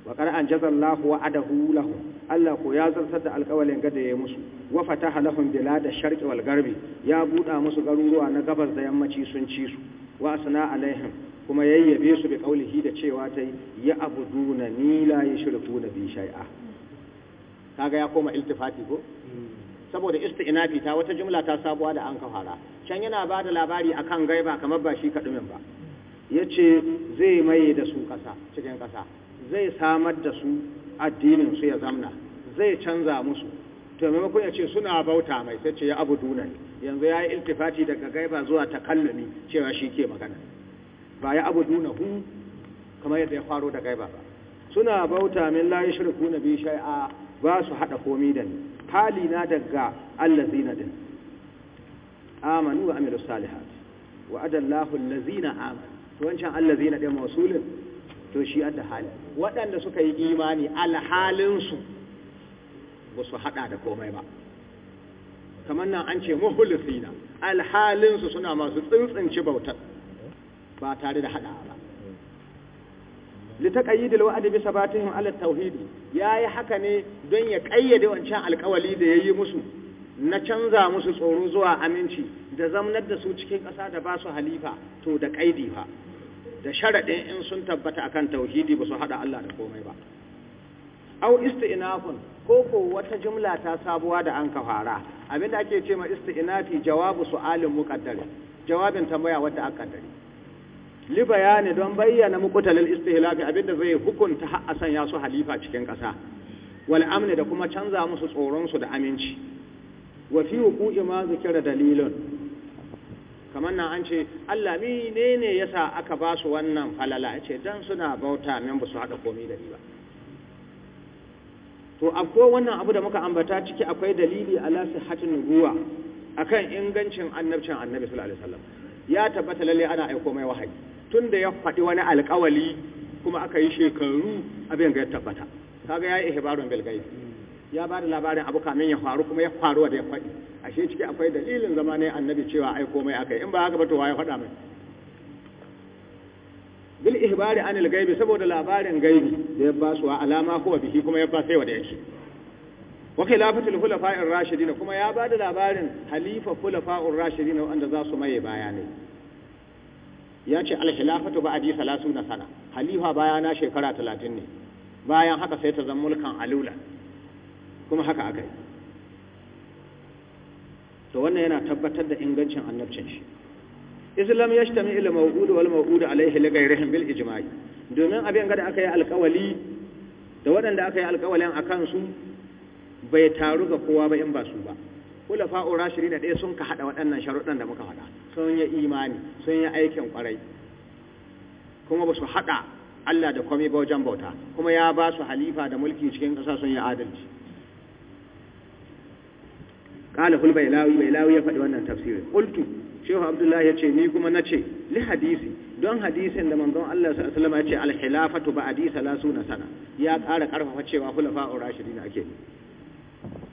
wa qad anjazallahu wa'adahu lahu Allah ko ya zartar da alƙawalin gada ya musu wa fataha lahum da sharqi wal garbi ya buɗa musu garuruwa na gabas da yammaci sun ci su wa asna alaihim kuma yayyabe su bi qaulihi da cewa tai ya abuduna ni la yushrikuna bi shay'a kaga ya koma iltifati ko saboda isti'nafi ta wata jumla ta sabuwa da an kafara can yana ba da labari akan gaiba kamar ba shi kadumin ba yace zai maye da su kasa cikin kasa zai samar da su addinin su ya zamna zai canza musu to maimakon ya ce suna bauta mai sai ce ya abu dunani yanzu ya yi iltifati daga gaiba zuwa takallumi cewa shi ke magana ba ya abu dunahu kamar yadda ya faro da gaiba ba suna bauta min layi shirku na bi shai'a ba su hada komi da ni hali na daga allazina din amanu wa amilus salihat wa adallahu allazina amanu wancan allazina din mausulin to shi yadda hali waɗanda suka yi imani alhalinsu ba su haɗa da komai ba kamar nan an ce mahulisina alhalinsu suna masu tsintsinci bautar ba tare da haɗa ba litaqayyid bisa bi sabatihim ala at ya yi haka ne don ya ƙayyade wancan alkawali da ya yi musu na canza musu tsoro zuwa aminci da zamnar da su cikin ƙasa da ba su halifa to da ƙa'idi ba. da sharaɗin in sun tabbata akan tauhidi ba su haɗa Allah da komai ba au isti'nafun ko ko wata jumla ta sabuwa da an ka fara abinda ake ce ma isti'nafi jawabu su'alin muqaddar jawabin tambaya wadda aka kaddari li bayani don bayyana muqtalil istihlafi abinda zai hukunta ha'asan ya su halifa cikin ƙasa wal amni da kuma canza musu tsoron su da aminci wa fi wuqu'i ma zikira dalilun kamar nan an ce Allah ya yasa aka ba su wannan falala ya ce dan suna bauta min ba su haɗa komai da ni ba to akwai wannan abu da muka ambata ciki akwai dalili a hatin ruwa a akan ingancin annabcin annabi sallallahu alaihi ya tabbata lalle ana aiko mai wahayi tunda ya faɗi wani alƙawali kuma aka yi shekaru abin ga ya tabbata kaga yayi ihbarun bil ya ba da labarin abu kamin ya faru kuma ya faru da ya faɗi ashe ciki akwai dalilin zama ne annabi cewa ai komai yi in ba haka ba to waye faɗa mai bil ihbari anil gaibi saboda labarin gaibi da ya ba su wa alama ko biki kuma ya ba sai da yake wa khilafatul khulafa'ir rashidin kuma ya ba da labarin halifa khulafa'ur rashidin wanda za su maye bayanai ya ce al khilafatu ba'di 30 sana halifa bayana shekara 30 ne bayan haka sai ta zama mulkan alula kuma haka aka yi to wannan yana tabbatar da ingancin annabcin shi islam ya shtami ila mawudu wal mawudu alaihi li ghairihim bil ijma'i domin abin da aka yi alkawali da waɗanda aka yi alkawalin akan su bai taru ga kowa ba in ba su ba kulafa shiri da ɗaya sun ka haɗa waɗannan sharuɗan da muka haɗa. sun yi imani sun yi aikin ƙwarai kuma ba su haɗa Allah da kwami ba wajen bauta kuma ya ba su halifa da mulki cikin ƙasa sun yi adalci bai lawi bailawi bailawi ya faɗi wannan tafsirin qultu shehu abdullahi ya ce ni kuma na ce li hadisi don hadisin da manzon Allah sallallahu alaihi wasallam ya ce al khilafatu la suna sana ya ƙara karfafa cewa khulafa'ur rashidin ake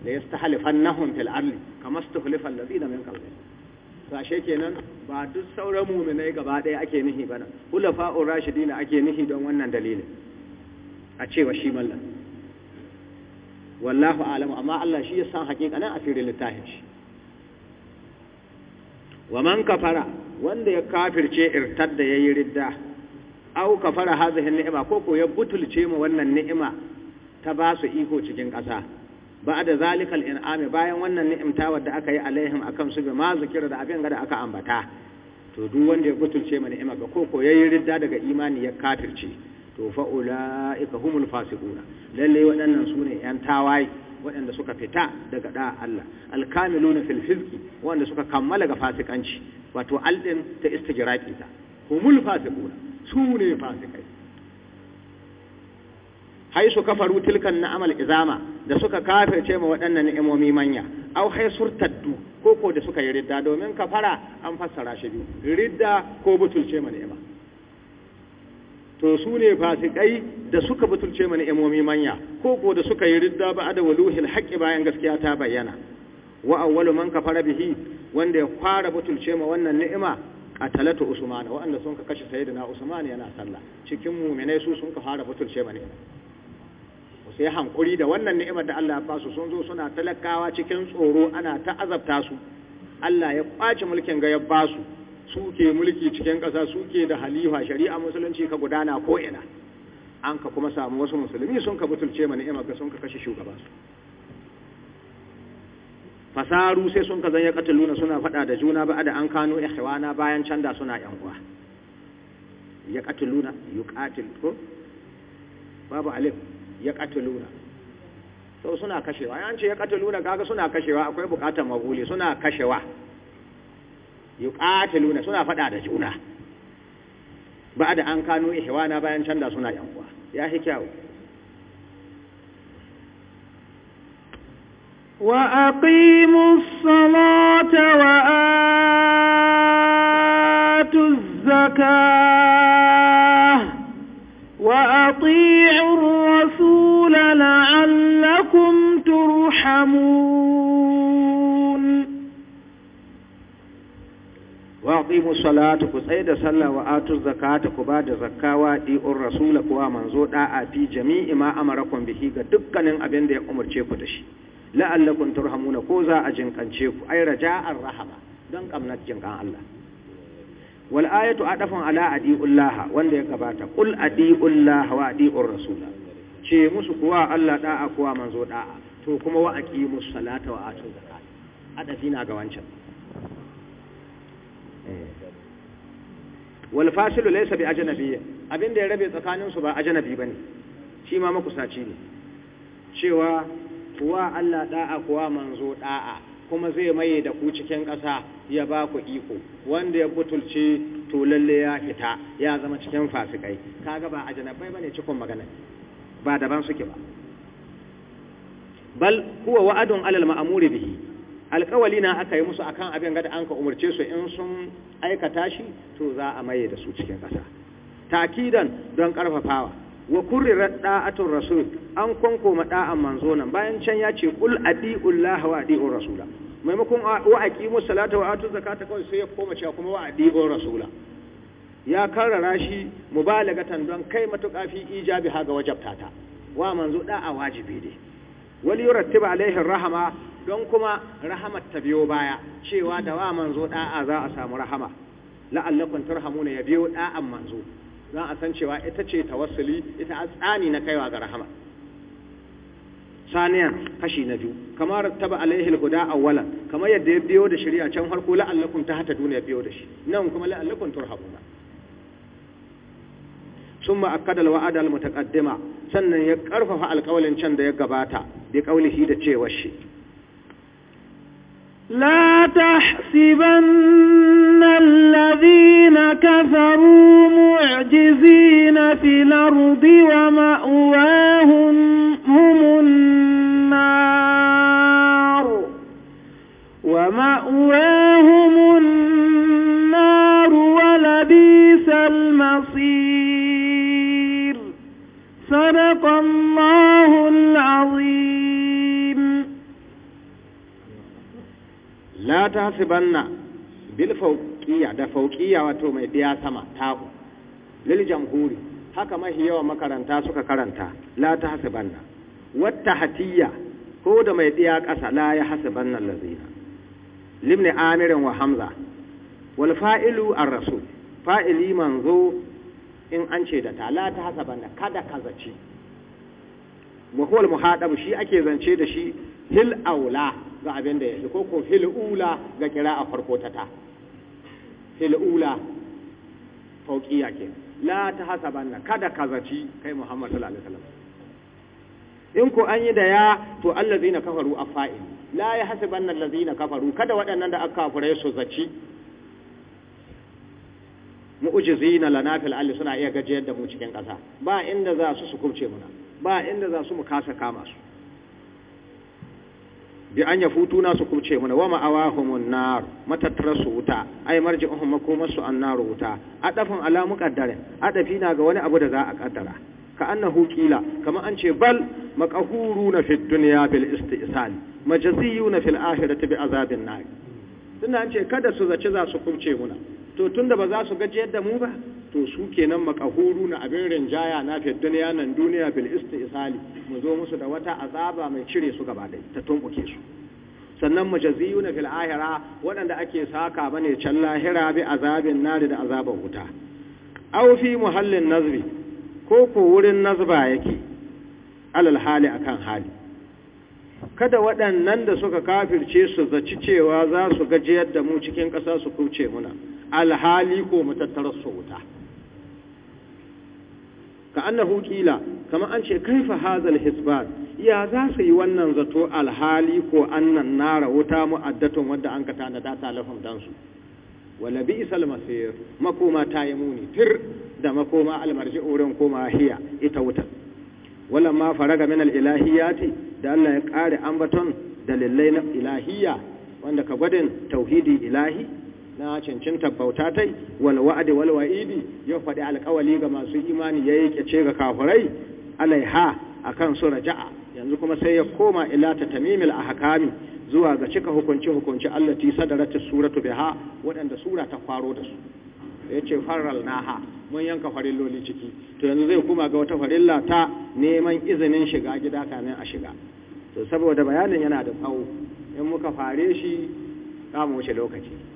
la yastahlifannahum fil ardi kama stahlifal alladhina min qablihim sashe kenan ba duk sauran mu'minai gaba ɗaya ake nihi bana khulafa'ur rashidin ake nihi don wannan dalilin a cewa shi mallan wallahu alamu amma Allah shi ya san a fere littafin shi wa man kafara wanda ya kafirce irtar da yayi ridda aw kafara hadhihi ni'ima ko ko ya butulce mu wannan ni'ima ta ba su iko cikin ƙasa ba da zalikal in'ami bayan wannan ni'imtawar wadda aka yi alaihim akan su bi ma zikira da abin da aka ambata to duk wanda ya butulce mu ni'ima ga ko ko yayi ridda daga imani ya kafirce to fa ulaika humul fasiquna lalle waɗannan sune yan tawaye waɗanda suka fita daga da Allah alkamiluna fil fizqi waɗanda suka kammala ga fasikanci wato aldin ta istijraqi ta humul fasiquna sune fasikai su kafaru tilkan na'amal izama da suka kafirce ma waɗannan ni'imomi manya au hay surtaddu ko ko da suka yi ridda domin kafara an fassara shi biyu ridda ko butulce ma ni'ima to su ne fasikai da suka butulce mana imomi manya ko ko da suka yi ridda ba da waluhil haqqi bayan gaskiya ta bayyana wa awwalu man kafara bihi wanda ya fara butulce ma wannan ni'ima qatalatu usman wa sun ka kashe sayyidina usman yana sallah cikin mu'minai su sun ka fara butulce ma ni'ima sai hankuri da wannan ni'imar da Allah ya ba su sun zo suna talakawa cikin tsoro ana ta azabta su Allah ya kwace mulkin ga ya ba su suke mulki cikin ƙasa suke da halifa shari'a musulunci ka gudana ko ina an ka kuma samu wasu musulmi sun ka butulce mana imaka sun ka kashe shugaba su fasaru sai sun ka zanya luna suna fada da juna ba da an kano ihwana bayan canda suna yan uwa ya kataluna yuqatil ko babu alif ya luna? to suna kashewa an ce ya luna? kaga suna kashewa akwai bukatar maguli suna kashewa yuqatiluna suna fada da juna ba da an kano ihwana bayan canza suna yan uwa ya shi kyau wa aqimus salata wa atuz zakah wa ati'ur rasul turhamun wa aqimu salata ku tsai da sallah wa atu zakata ku ba da zakka wa di'ur rasul kuwa manzo da'a fi jami'i ma amarakum bihi ga dukkanin abin da ya umarce ku da shi la'allakum turhamuna ko za a jinkance ku ai raja'ar rahama don kamnat jinkan Allah wal ayatu adafun ala adiullaha wanda ya gabata qul adiullaha wa adiur rasul ce musu kuwa Allah da'a kuwa manzo da'a to kuma wa aqimus salata wa atu zakata adafi na ga wancan wal fasilu laysa bi ajnabi abinda ya rabe tsakanin su ba ajnabi bane shi ma makusaci ne cewa kuwa Allah da'a kuwa manzo da'a kuma zai maye da ku cikin ƙasa ya ba ku iko wanda ya butulce to lalle ya fita ya zama cikin fasikai kaga ba ajnabai bane cikin magana ba daban suke ba bal huwa wa'adun alal ma'amuri bihi alkawali na aka yi musu akan abin gada an ka umarce su in sun aikata shi to za a maye da su cikin ƙasa takidan don ƙarfafawa wa a tun rasul an kwankoma da'an manzo nan bayan can ya ce ƙul adi'ullah wa adi'ur rasula maimakon wa aqimu salata wa atu zakata kawai sai ya koma cewa kuma wa adi'ur rasula ya karrara shi mubalagatan don kai matuƙa fi ijabi ha ga ta. wa manzo ɗa'a wajibi ne wali yurattiba alaihi rahama don kuma rahamar ta biyo baya cewa da wa manzo da'a za a samu rahama la'allakum turhamuna ya biyo da'an manzo za a san cewa ita ce tawassuli ita tsani na kaiwa ga rahama saniyan kashi na biyu kamar taba alaihi alhuda awwalan kamar yadda ya biyo da shari'a can harko ta hata duniya biyo da shi nan kuma la'allakum turhamuna summa akkada alwa'ada almutaqaddima sannan ya karfafa alƙawalin can da ya gabata bi qaulihi da cewa shi لا تحسبن الذين كفروا معجزين في الأرض ومأواهم هم النار ومأواهم النار ولبيس المصير صدق الله la ta sibanna bil da faukiya wato mai biya sama tahu lil jamhuri haka mahi yawa makaranta suka karanta la ta hasibanna wata hatiyya ko da mai biya ƙasa la ya hasibanna lazina limni amirin wa hamza wal fa'ilu ar-rasul fa'ili manzo in an ce da ta la ta hasibanna kada ka wa muhul muhadabu shi ake zance da shi hil aula ga abin da ya fi koko fil'ula ga kira a farko ta ta fil'ula fauƙiya ke la ta hasaban na kada ka zaci kai muhammad sallallahu alaihi wasallam in ko an yi da ya to na kafaru a fa'il la ya hasaban zina kafaru kada waɗannan da aka kafurai su zaci zina lana fil alli suna iya gajiyar da mu cikin ƙasa ba inda za su su kubce muna ba inda za su mu kasa kama su bi an ya futuna su kubce mana wa ma'awahumun na matattara su wuta a yi marji ohun makomar su an naru wuta alamu ƙaddare a ɗafi na ga wani abu da za a kaddara ka annahu hukila kama an ce bal na fi dunya bil isti'sal majaziyuna fil ta bi azabin na tunda an ce kada su zace za su kubce muna to tunda ba za su gaji yadda mu ba to su kenan makahuru na abin rinjaya na fi duniya nan duniya bil istisali mu zo musu da wata azaba mai cire su gaba da ta tumbuke su sannan majaziyu na fil ahira waɗanda ake saka bane can lahira bi azabin nari da azabar wuta aw fi muhallin nazbi ko ko wurin nazba yake alal hali akan hali kada waɗannan da suka kafirce su zaci cewa za su gajiyar da mu cikin ƙasa su kuce muna alhali ko mu su wuta ka annahu qila kama an ce kaifa hazal hisbat ya za su yi wannan zato alhali ko annan nara wuta mu'addatun wanda an ka tanada ta lahum dan su wala bi'sal masir makoma ta yi muni tir da makoma almarji urin koma hiya ita wuta wala ma faraga min alilahiyati da Allah ya kare ambaton dalilai na ilahiyya wanda ka gwadin tauhidi ilahi na cancanta bauta tai wal wa'adi wal wa'idi ya faɗi alƙawali ga masu imani ya yi kyace ga kafirai alaiha akan su raja'a yanzu kuma sai ya koma ila ta tamimil hakami zuwa ga cika hukunci hukunci allah ti sadarata suratu biha waɗanda sura ta faro da su yace faral naha mun yanka farilloli ciki to yanzu zai koma ga wata farilla ta neman izinin shiga gida kamin a shiga to saboda bayanin yana da tsawo in muka fare shi za mu wuce lokaci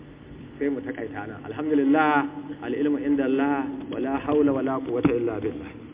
sai mu takaita nan alhamdulillah al ilmu inda Allah wala haula wala quwwata illa billah